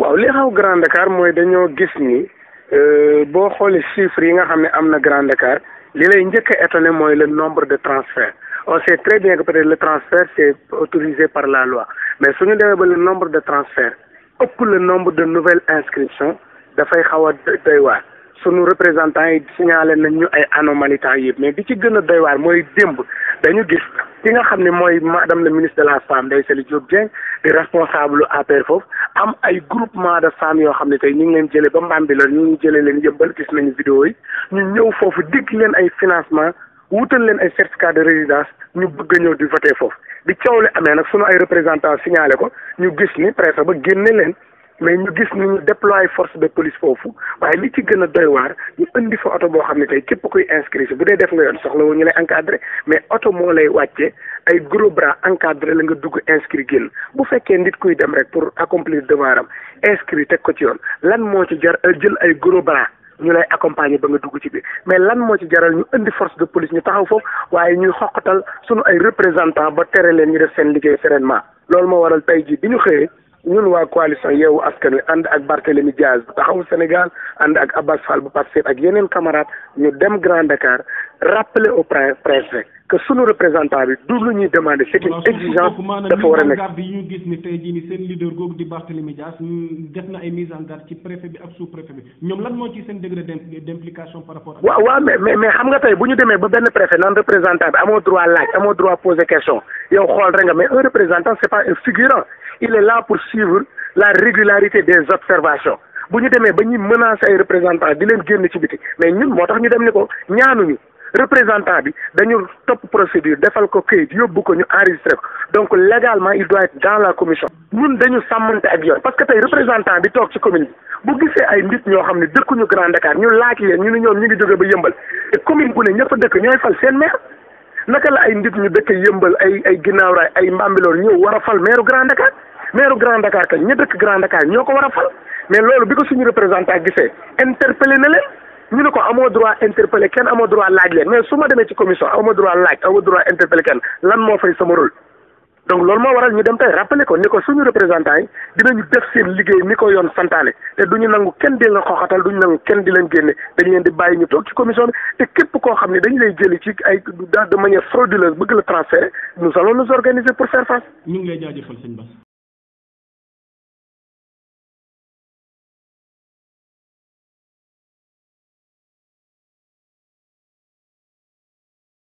waaw li xaw Grand Dakar mooy dañoo gis ni euh, boo xoolee chiffres yi nga xam ne am na grande car li lay njëkk a mooy le nombre de transferts o sait très bien que peut-être le transfert c'est autorisé par la loi mais su ñu demee ba le nombre de transferts ëpp le nombre de nouvelle inscriptions dafay xaw a doy waar sunu représentants yi signalé nañ ñu ay anomalies yëpp mais bi ci gën a doy mooy démb dañu gis li nga xam ne mooy madame la ministre de la femme Ndèye Saly Diop Dieng di responsable APR foofu am ay groupement de femmes yoo xam ne tey ñu ngi leen jëlee ba Mbambilor ñu ngi jëlee leen yëmbal gis nañu vidéo yi ñu ñëw foofu dikk leen ay financement wutal leen ay certificat de résidence ñu bëgg a ñëw di voter foofu bi coow li amee nag sunu ay représentants signalé ko ñu gis ni presse ba génne leen mais ñu gis ni ñu déployer force de police foofu waaye li ci gën a doy waar ñu indi fa oto boo xam ne tey kuy inscrit bu dee def nga yoon soxla woon ñu lay encadré mais oto moo lay wàcce ay gros bras encadré la nga dugg inscrit bu fekkee nit kuy dem rek pour accomplir devoiram inscrit teg ko ci yoon lan moo ci jar euh, jël ay gros ñu lay accompagner ba nga dugg ci biir mais lan moo ci jaral ñu indi force de police ñu taxaw foofu waaye ñuy xoqatal sunu ay représentant ba tere leen ñu def seen liggéey sereinement loolu moo waral tey ji di ñu xëyee ñun waa coalition yeewu askan wi ànd ak Barthélemy Diaz bu taxawu Sénégal ànd ak Abbas Fall bu Pastef ak yeneen camarades ñu dem Grand Dakar rappeler au préfet que sunu représentant bi du lu ñuy demander c'est une exigence dafa war a nekk garde yi ñu gis ni tey jii ni seen leader googu di Barthélemy Diaz def na ay mise en garde ci préfet bi ak sous préfet bi ñoom lan moo ci seen degré d'implication par rapport waaw mais xam nga tey bu ñu demee ba benn préfet naan représentant bi amoo droit laaj amoo droit poser question yow il est la pour suivre la régularité des observations bu ñu demee ba ñuy menacer ay représentants di leen génn ci biti mais ñun moo tax ñu dem ni ko ñaanuñu représentant bi dañu topp procédure defal ko këyit yóbbu ko ñu enregistré ko donc légalement il doit être dans la commission. ñun dañu sàmmante ak yoon parce que tey représentant bi toog ci commune bu gisee ay nit ñoo xam ne dëkkuñu Grand Dakar ñu laaj leen ñu ne ñoom ñu ngi jóge ba yëmbal te commune bu ne ñëpp dëkk ñooy fal seen maire. naka la ay nit ñu dëkk yëmbal ay ay ginnaaw raay ay mbambiloor ñëw war a fal meeru Grand Dakar meeru Grand Dakar kañ ña Grand Dakar ñoo ko war a fal mais loolu bi ko suñu représentant gisee interpellé na leen ñu ne ko amoo droit interpellé kenn amoo droit laaj leen mais su ma demee ci commission amoo droit laaj amoo droit interpellé ken lan moo fay sama rôle donc loolu moo waral ñu dem tey rappelé ko ni suñu représentants yi dinañu def seen liggéey ni ko yoon santaane te duñu nangu kenn di leen xooxatal duñu nangu kenn di leen génne dañu leen di bàyyi ñu toog ci commission bi te képp koo xam ne dañu lay jëli ci ay de manière frauduleuse bëgg la transférer nous allons nous organiser pour faire